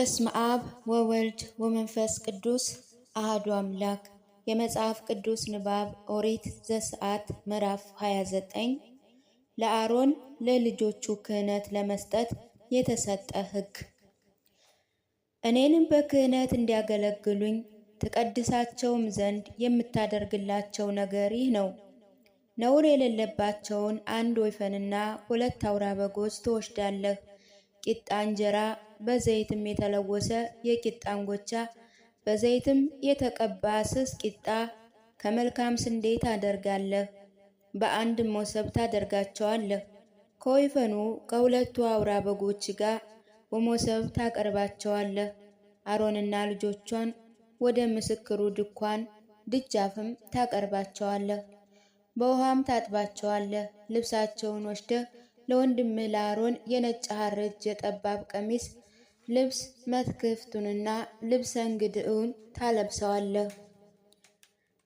በስመ አብ ወወልድ ወመንፈስ ቅዱስ አህዱ አምላክ። የመጽሐፍ ቅዱስ ንባብ ኦሪት ዘሰዓት ምዕራፍ 29 ለአሮን ለልጆቹ ክህነት ለመስጠት የተሰጠ ሕግ። እኔንም በክህነት እንዲያገለግሉኝ ትቀድሳቸውም ዘንድ የምታደርግላቸው ነገር ይህ ነው። ነውር የሌለባቸውን አንድ ወይፈንና ሁለት አውራ በጎች ትወስዳለህ። ቂጣ እንጀራ በዘይትም የተለወሰ የቂጣ እንጎቻ በዘይትም የተቀባ ስስ ቂጣ ከመልካም ስንዴ ታደርጋለህ። በአንድም ሞሰብ ታደርጋቸዋለህ። ከወይፈኑ ከሁለቱ አውራ በጎች ጋር በሞሰብ ታቀርባቸዋለህ። አሮንና ልጆቿን ወደ ምስክሩ ድኳን ድጃፍም ታቀርባቸዋለህ። በውሃም ታጥባቸዋለህ። ልብሳቸውን ወስደህ ለወንድም ላሮን የነጭ ሐር እጅ የጠባብ ቀሚስ ልብስ መትክፍቱንና ልብሰ እንግድውን ታለብሰዋለህ።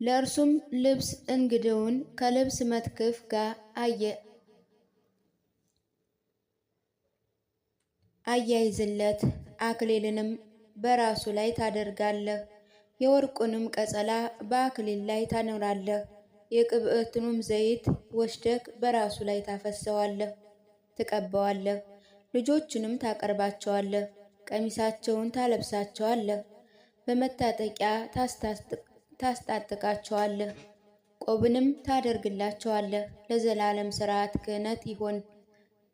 ለእርሱም ልብስ እንግድውን ከልብስ መትክፍ ጋር አየ አያይዝለት አክሊልንም በራሱ ላይ ታደርጋለህ። የወርቁንም ቀጸላ በአክሊል ላይ ታኖራለህ። የቅብዕቱንም ዘይት ወሽደክ በራሱ ላይ ታፈሰዋለህ። ትቀባዋለህ፣ ልጆቹንም ታቀርባቸዋለህ፣ ቀሚሳቸውን ታለብሳቸዋለህ፣ በመታጠቂያ ታስታጥቃቸዋለህ፣ ቆብንም ታደርግላቸዋለህ። ለዘላለም ስርዓት ክህነት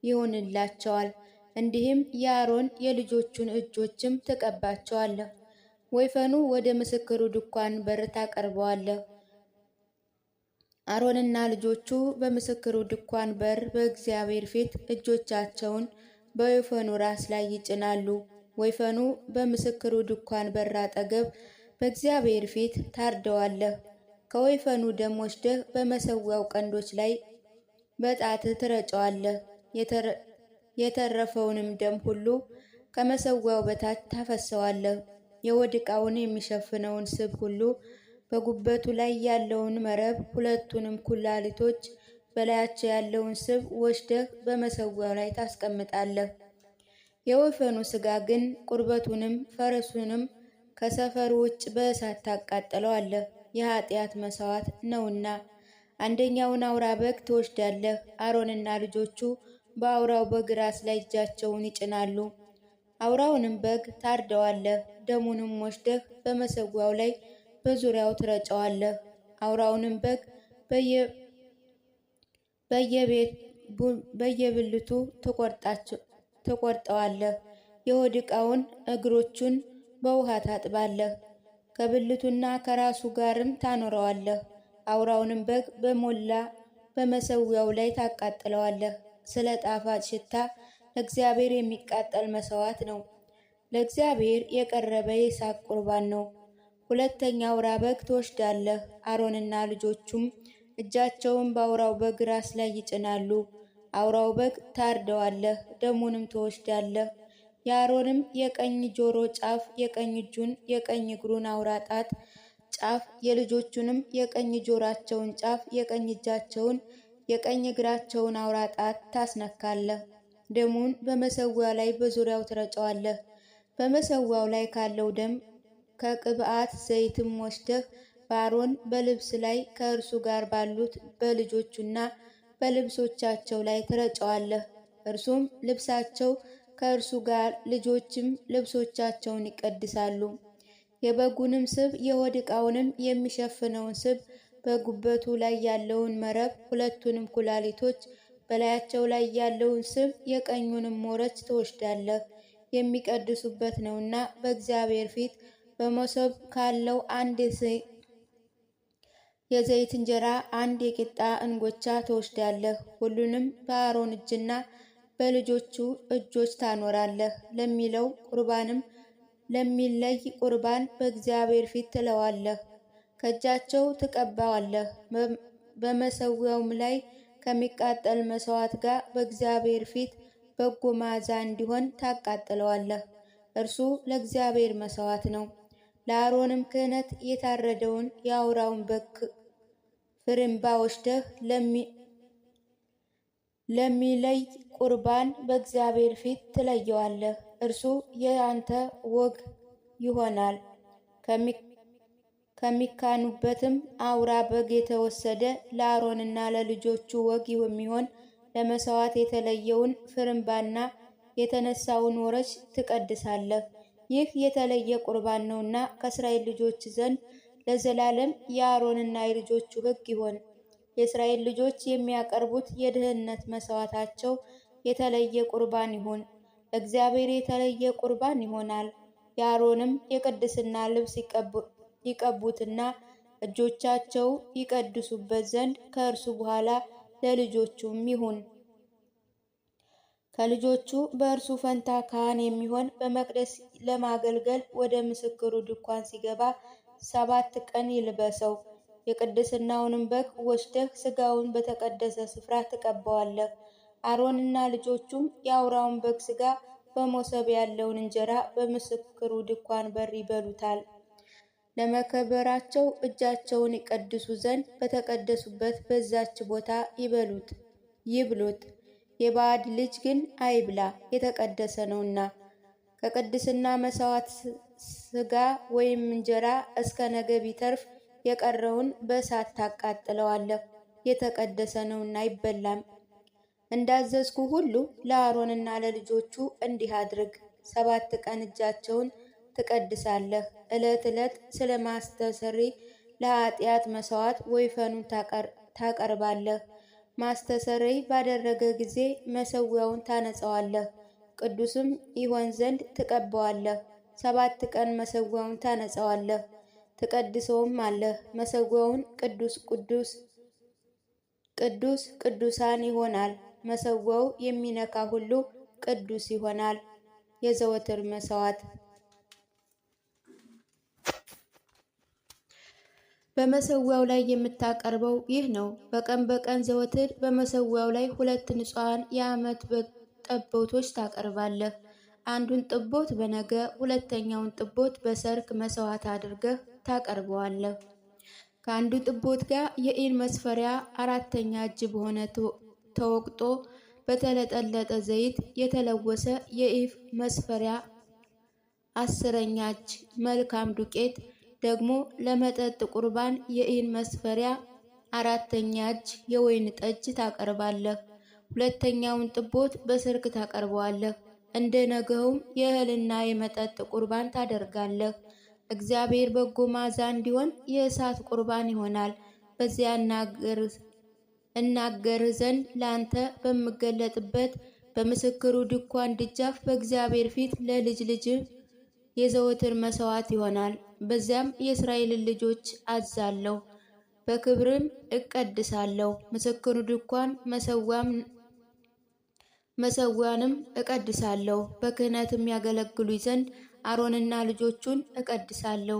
ይሆንላቸዋል። እንዲህም የአሮን የልጆቹን እጆችም ትቀባቸዋለህ። ወይፈኑ ወደ ምስክሩ ድኳን በር ታቀርበዋለህ። አሮንና ልጆቹ በምስክሩ ድንኳን በር በእግዚአብሔር ፊት እጆቻቸውን በወይፈኑ ራስ ላይ ይጭናሉ። ወይፈኑ በምስክሩ ድንኳን በር አጠገብ በእግዚአብሔር ፊት ታርደዋለህ። ከወይፈኑ ደም ወስደህ በመሰዊያው ቀንዶች ላይ በጣትህ ትረጨዋለህ። የተረፈውንም ደም ሁሉ ከመሰዊያው በታች ታፈሰዋለህ። የወድቃውን ዕቃውን የሚሸፍነውን ስብ ሁሉ በጉበቱ ላይ ያለውን መረብ ሁለቱንም ኩላሊቶች በላያቸው ያለውን ስብ ወስደህ በመሰዊያው ላይ ታስቀምጣለህ። የወፈኑ ስጋ ግን ቁርበቱንም ፈረሱንም ከሰፈሩ ውጭ በእሳት ታቃጥለዋለህ፣ የኃጢአት መስዋዕት ነውና። አንደኛውን አውራ በግ ትወስዳለህ። አሮንና ልጆቹ በአውራው በግ ራስ ላይ እጃቸውን ይጭናሉ። አውራውንም በግ ታርደዋለህ። ደሙንም ወስደህ በመሰዊያው ላይ በዙሪያው ትረጨዋለህ። አውራውንም በግ በየብልቱ ትቆርጠዋለህ። የሆድ ዕቃውን እግሮቹን በውሃ ታጥባለህ። ከብልቱና ከራሱ ጋርም ታኖረዋለህ። አውራውንም በግ በሞላ በመሰዊያው ላይ ታቃጥለዋለህ። ስለ ጣፋጭ ሽታ ለእግዚአብሔር የሚቃጠል መስዋዕት ነው። ለእግዚአብሔር የቀረበ የይስሐቅ ቁርባን ነው። ሁለተኛ አውራ በግ ትወስዳለህ። አሮንና ልጆቹም እጃቸውን በአውራው በግ ራስ ላይ ይጭናሉ። አውራው በግ ታርደዋለህ፣ ደሙንም ትወስዳለህ። የአሮንም የቀኝ ጆሮ ጫፍ፣ የቀኝ እጁን፣ የቀኝ እግሩን አውራ ጣት ጫፍ፣ የልጆቹንም የቀኝ ጆራቸውን ጫፍ፣ የቀኝ እጃቸውን፣ የቀኝ እግራቸውን አውራ ጣት ታስነካለህ። ደሙን በመሰዊያው ላይ በዙሪያው ትረጨዋለህ። በመሰዊያው ላይ ካለው ደም ከቅብዓት ዘይትም ወስደህ በአሮን በልብስ ላይ ከእርሱ ጋር ባሉት በልጆቹና በልብሶቻቸው ላይ ትረጨዋለህ። እርሱም ልብሳቸው ከእርሱ ጋር ልጆችም ልብሶቻቸውን ይቀድሳሉ። የበጉንም ስብ የሆድ ዕቃውንም የሚሸፍነውን ስብ በጉበቱ ላይ ያለውን መረብ ሁለቱንም ኩላሊቶች በላያቸው ላይ ያለውን ስብ የቀኙንም ሞረች ትወስዳለህ። የሚቀድሱበት ነውና በእግዚአብሔር ፊት በመሶብ ካለው አንድ የዘይት እንጀራ አንድ የቂጣ እንጎቻ ትወስዳለህ። ሁሉንም በአሮን እጅና በልጆቹ እጆች ታኖራለህ። ለሚለው ቁርባንም ለሚለይ ቁርባን በእግዚአብሔር ፊት ትለዋለህ፣ ከእጃቸው ትቀባዋለህ። በመሰዊያውም ላይ ከሚቃጠል መስዋዕት ጋር በእግዚአብሔር ፊት በጎ መዓዛ እንዲሆን ታቃጥለዋለህ። እርሱ ለእግዚአብሔር መስዋዕት ነው። ለአሮንም ክህነት የታረደውን የአውራውን በግ ፍርምባ ወስደህ ለሚለይ ቁርባን በእግዚአብሔር ፊት ትለየዋለህ። እርሱ የአንተ ወግ ይሆናል። ከሚካኑበትም አውራ በግ የተወሰደ ለአሮንና ለልጆቹ ወግ የሚሆን ለመሥዋዕት የተለየውን ፍርምባና የተነሳውን ወረች ትቀድሳለህ። ይህ የተለየ ቁርባን ነውና ከእስራኤል ልጆች ዘንድ ለዘላለም የአሮንና የልጆቹ ሕግ ይሆን። የእስራኤል ልጆች የሚያቀርቡት የድህነት መስዋዕታቸው የተለየ ቁርባን ይሁን፣ ለእግዚአብሔር የተለየ ቁርባን ይሆናል። የአሮንም የቅድስና ልብስ ይቀቡትና እጆቻቸው ይቀድሱበት ዘንድ ከእርሱ በኋላ ለልጆቹም ይሁን። ከልጆቹ በእርሱ ፈንታ ካህን የሚሆን በመቅደስ ለማገልገል ወደ ምስክሩ ድንኳን ሲገባ ሰባት ቀን ይልበሰው። የቅድስናውንም በግ ወስደህ ስጋውን በተቀደሰ ስፍራ ትቀባዋለህ። አሮንና ልጆቹም የአውራውን በግ ስጋ በሞሰብ ያለውን እንጀራ በምስክሩ ድንኳን በር ይበሉታል። ለመከበራቸው እጃቸውን ይቀድሱ ዘንድ በተቀደሱበት በዛች ቦታ ይበሉት ይብሉት። የባዕድ ልጅ ግን አይብላ የተቀደሰ ነውና። ከቅድስና መሥዋዕት ሥጋ ወይም እንጀራ እስከ ነገ ቢተርፍ የቀረውን በእሳት ታቃጥለዋለህ፣ የተቀደሰ ነውና አይበላም። እንዳዘዝኩ ሁሉ ለአሮንና ለልጆቹ እንዲህ አድርግ። ሰባት ቀን እጃቸውን ትቀድሳለህ። ዕለት ዕለት ስለ ማስተሰሪ ለኃጢአት መሥዋዕት ወይፈኑን ታቀርባለህ። ማስተሰረይ ባደረገ ጊዜ መሰዊያውን ታነጸዋለህ፣ ቅዱስም ይሆን ዘንድ ትቀበዋለህ። ሰባት ቀን መሰዊያውን ታነጸዋለህ፣ ትቀድሰውም አለህ። መሰዊያውን ቅዱስ ቅዱስ ቅዱስ ቅዱሳን ይሆናል። መሰዊያው የሚነካ ሁሉ ቅዱስ ይሆናል። የዘወትር መሰዋት። በመሰዊያው ላይ የምታቀርበው ይህ ነው። በቀን በቀን ዘወትር በመሰዊያው ላይ ሁለት ንጹሐን የዓመት ጠቦቶች ታቀርባለህ። አንዱን ጥቦት በነገ ሁለተኛውን ጥቦት በሰርክ መስዋዕት አድርገህ ታቀርበዋለህ። ከአንዱ ጥቦት ጋር የኢን መስፈሪያ አራተኛ እጅ በሆነ ተወቅጦ በተለጠለጠ ዘይት የተለወሰ የኢፍ መስፈሪያ አስረኛ እጅ መልካም ዱቄት ደግሞ ለመጠጥ ቁርባን የኢን መስፈሪያ አራተኛ እጅ የወይን ጠጅ ታቀርባለህ። ሁለተኛውን ጥቦት በስርክ ታቀርበዋለህ። እንደ ነገውም የእህልና የመጠጥ ቁርባን ታደርጋለህ። እግዚአብሔር በጎ ማዛ እንዲሆን የእሳት ቁርባን ይሆናል። በዚያ እናገርህ ዘንድ ለአንተ በምገለጥበት በምስክሩ ድኳን ደጃፍ በእግዚአብሔር ፊት ለልጅ ልጅ የዘወትር መስዋዕት ይሆናል። በዚያም የእስራኤልን ልጆች አዛለሁ፣ በክብርም እቀድሳለሁ። ምስክሩ ድንኳን መሰዋም መሰዋንም እቀድሳለሁ። በክህነትም ያገለግሉኝ ዘንድ አሮንና ልጆቹን እቀድሳለሁ።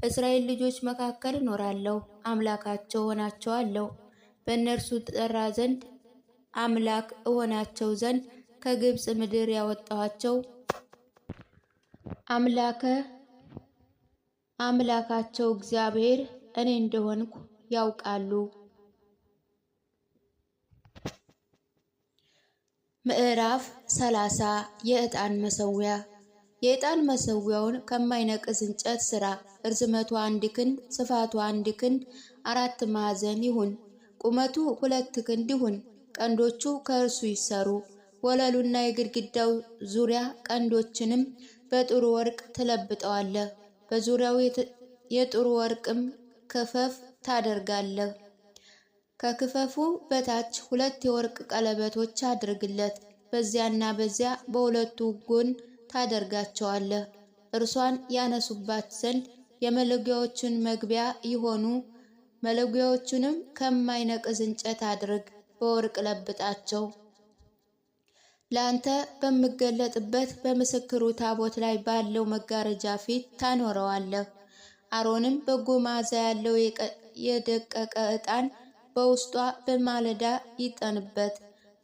በእስራኤል ልጆች መካከል እኖራለሁ፣ አምላካቸው ሆናቸዋለሁ። በእነርሱ ጠራ ዘንድ አምላክ እሆናቸው ዘንድ ከግብፅ ምድር ያወጣኋቸው አምላከ አምላካቸው እግዚአብሔር እኔ እንደሆንኩ ያውቃሉ። ምዕራፍ ሰላሳ የዕጣን መሰዊያ የዕጣን መሰዊያውን ከማይነቅዝ እንጨት ስራ። እርዝመቱ አንድ ክንድ፣ ስፋቱ አንድ ክንድ፣ አራት ማዕዘን ይሁን። ቁመቱ ሁለት ክንድ ይሁን። ቀንዶቹ ከእርሱ ይሰሩ። ወለሉና የግድግዳው ዙሪያ ቀንዶችንም በጥሩ ወርቅ ትለብጠዋለህ። በዙሪያው የጥሩ ወርቅም ክፈፍ ታደርጋለህ። ከክፈፉ በታች ሁለት የወርቅ ቀለበቶች አድርግለት። በዚያና በዚያ በሁለቱ ጎን ታደርጋቸዋለህ። እርሷን ያነሱባት ዘንድ የመለጊያዎቹን መግቢያ ይሆኑ። መለጊያዎቹንም ከማይነቅዝ እንጨት አድርግ፣ በወርቅ ለብጣቸው። ለአንተ በምገለጥበት በምስክሩ ታቦት ላይ ባለው መጋረጃ ፊት ታኖረዋለህ። አሮንም በጎ መዓዛ ያለው የደቀቀ ዕጣን በውስጧ በማለዳ ይጠንበት፣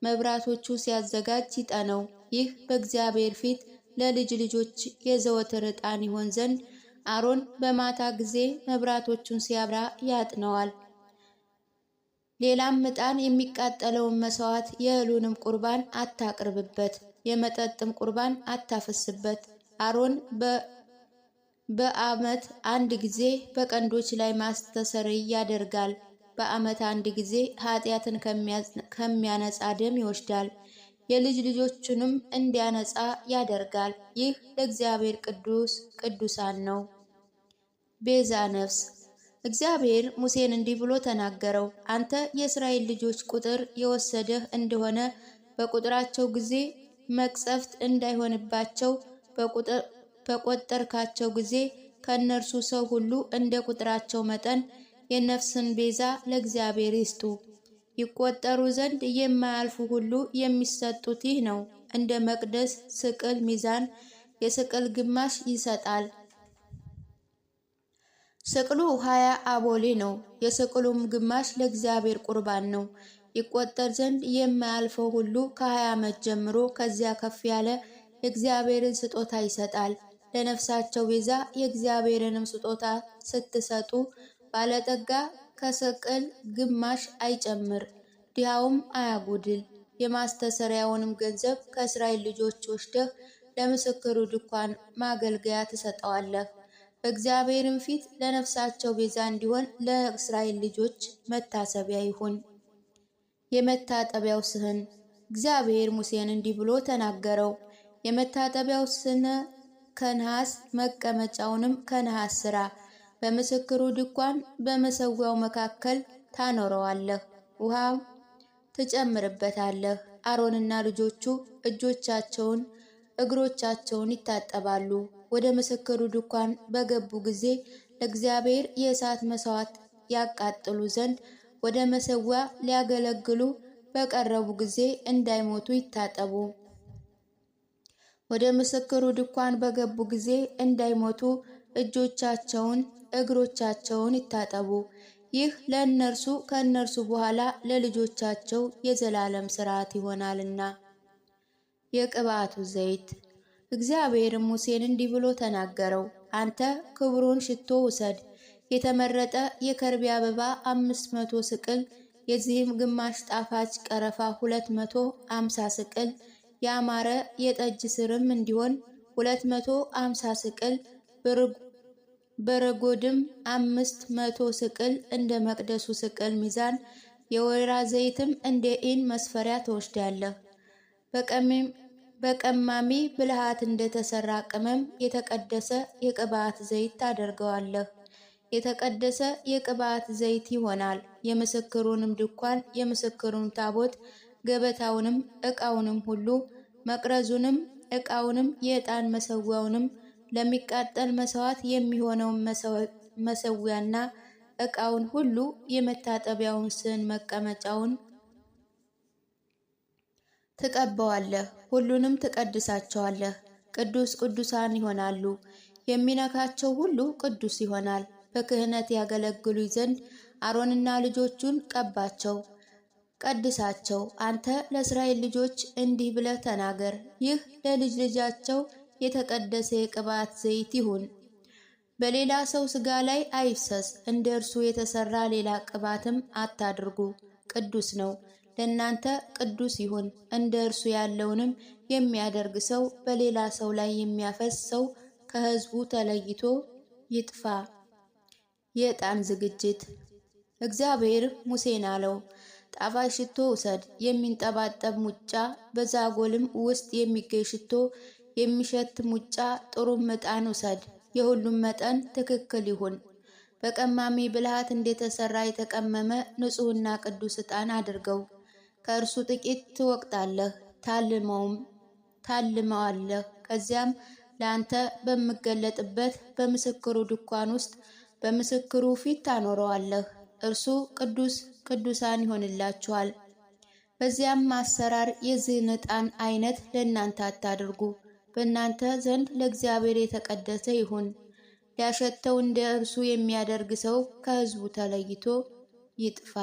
መብራቶቹ ሲያዘጋጅ ይጠነው። ይህ በእግዚአብሔር ፊት ለልጅ ልጆች የዘወትር ዕጣን ይሆን ዘንድ አሮን በማታ ጊዜ መብራቶቹን ሲያብራ ያጥነዋል። ሌላም ምጣን የሚቃጠለውን መስዋዕት የእህሉንም ቁርባን አታቅርብበት፣ የመጠጥም ቁርባን አታፈስበት። አሮን በዓመት አንድ ጊዜ በቀንዶች ላይ ማስተሰርይ ያደርጋል። በአመት አንድ ጊዜ ኃጢአትን ከሚያነጻ ደም ይወስዳል፣ የልጅ ልጆቹንም እንዲያነጻ ያደርጋል። ይህ ለእግዚአብሔር ቅዱስ ቅዱሳን ነው፣ ቤዛ ነፍስ እግዚአብሔር ሙሴን እንዲህ ብሎ ተናገረው፣ አንተ የእስራኤል ልጆች ቁጥር የወሰደህ እንደሆነ በቁጥራቸው ጊዜ መቅሰፍት እንዳይሆንባቸው በቆጠርካቸው ጊዜ ከእነርሱ ሰው ሁሉ እንደ ቁጥራቸው መጠን የነፍስን ቤዛ ለእግዚአብሔር ይስጡ። ይቆጠሩ ዘንድ የማያልፉ ሁሉ የሚሰጡት ይህ ነው። እንደ መቅደስ ስቅል ሚዛን የስቅል ግማሽ ይሰጣል። ስቅሉ ሀያ አቦሌ ነው። የስቅሉም ግማሽ ለእግዚአብሔር ቁርባን ነው። ይቆጠር ዘንድ የማያልፈው ሁሉ ከሀያ ዓመት ጀምሮ ከዚያ ከፍ ያለ የእግዚአብሔርን ስጦታ ይሰጣል። ለነፍሳቸው ቤዛ የእግዚአብሔርንም ስጦታ ስትሰጡ ባለጠጋ ከስቅል ግማሽ አይጨምር፣ ድሃውም አያጎድል። የማስተሰሪያውንም ገንዘብ ከእስራኤል ልጆች ወስደህ ለምስክሩ ድንኳን ማገልገያ ትሰጠዋለህ። በእግዚአብሔርም ፊት ለነፍሳቸው ቤዛ እንዲሆን ለእስራኤል ልጆች መታሰቢያ ይሁን። የመታጠቢያው ስህን እግዚአብሔር ሙሴን እንዲህ ብሎ ተናገረው። የመታጠቢያው ስነ ከነሐስ መቀመጫውንም ከነሐስ ስራ በምስክሩ ድንኳን በመሰዊያው መካከል ታኖረዋለህ። ውሃ ትጨምርበታለህ። አሮንና ልጆቹ እጆቻቸውን እግሮቻቸውን ይታጠባሉ። ወደ ምስክሩ ድንኳን በገቡ ጊዜ ለእግዚአብሔር የእሳት መስዋዕት ያቃጥሉ ዘንድ ወደ መሰዊያ ሊያገለግሉ በቀረቡ ጊዜ እንዳይሞቱ ይታጠቡ። ወደ ምስክሩ ድንኳን በገቡ ጊዜ እንዳይሞቱ እጆቻቸውን፣ እግሮቻቸውን ይታጠቡ። ይህ ለእነርሱ ከእነርሱ በኋላ ለልጆቻቸው የዘላለም ስርዓት ይሆናልና። የቅባቱ ዘይት። እግዚአብሔርም ሙሴን እንዲህ ብሎ ተናገረው፣ አንተ ክብሩን ሽቶ ውሰድ፣ የተመረጠ የከርቤ አበባ አምስት መቶ ስቅል፣ የዚህም ግማሽ ጣፋጭ ቀረፋ ሁለት መቶ አምሳ ስቅል፣ ያማረ የጠጅ ስርም እንዲሆን ሁለት መቶ አምሳ ስቅል፣ በረጎድም አምስት መቶ ስቅል እንደ መቅደሱ ስቅል ሚዛን የወይራ ዘይትም እንደ ኢን መስፈሪያ ተወስዳለህ! በቀሚም በቀማሚ ብልሃት እንደተሰራ ቅመም የተቀደሰ የቅባት ዘይት ታደርገዋለህ። የተቀደሰ የቅባት ዘይት ይሆናል። የምስክሩንም ድኳን፣ የምስክሩን ታቦት፣ ገበታውንም፣ ዕቃውንም ሁሉ መቅረዙንም፣ ዕቃውንም፣ የዕጣን መሰዊያውንም፣ ለሚቃጠል መስዋዕት የሚሆነውን መሰዊያና ዕቃውን ሁሉ፣ የመታጠቢያውን ስን መቀመጫውን ትቀበዋለህ ሁሉንም ትቀድሳቸዋለህ፣ ቅዱስ ቅዱሳን ይሆናሉ። የሚነካቸው ሁሉ ቅዱስ ይሆናል። በክህነት ያገለግሉኝ ዘንድ አሮንና ልጆቹን ቀባቸው፣ ቀድሳቸው። አንተ ለእስራኤል ልጆች እንዲህ ብለህ ተናገር፣ ይህ ለልጅ ልጃቸው የተቀደሰ የቅባት ዘይት ይሁን፣ በሌላ ሰው ሥጋ ላይ አይፍሰስ። እንደ እርሱ የተሰራ ሌላ ቅባትም አታድርጉ፣ ቅዱስ ነው። ለእናንተ ቅዱስ ይሁን። እንደ እርሱ ያለውንም የሚያደርግ ሰው በሌላ ሰው ላይ የሚያፈስ ሰው ከሕዝቡ ተለይቶ ይጥፋ። የዕጣን ዝግጅት እግዚአብሔር ሙሴን አለው፣ ጣፋጭ ሽቶ ውሰድ፣ የሚንጠባጠብ ሙጫ፣ በዛጎልም ውስጥ የሚገኝ ሽቶ የሚሸት ሙጫ፣ ጥሩም ዕጣን ውሰድ፣ የሁሉም መጠን ትክክል ይሁን። በቀማሚ ብልሃት እንደተሰራ የተቀመመ ንጹሕና ቅዱስ ዕጣን አድርገው። ከእርሱ ጥቂት ትወቅጣለህ፣ ታልመውም ታልመዋለህ። ከዚያም ለአንተ በምገለጥበት በምስክሩ ድኳን ውስጥ በምስክሩ ፊት ታኖረዋለህ። እርሱ ቅዱስ ቅዱሳን ይሆንላችኋል። በዚያም አሰራር የዚህን ዕጣን አይነት ለእናንተ አታድርጉ፣ በእናንተ ዘንድ ለእግዚአብሔር የተቀደሰ ይሁን። ሊያሸተው እንደ እርሱ የሚያደርግ ሰው ከሕዝቡ ተለይቶ ይጥፋ።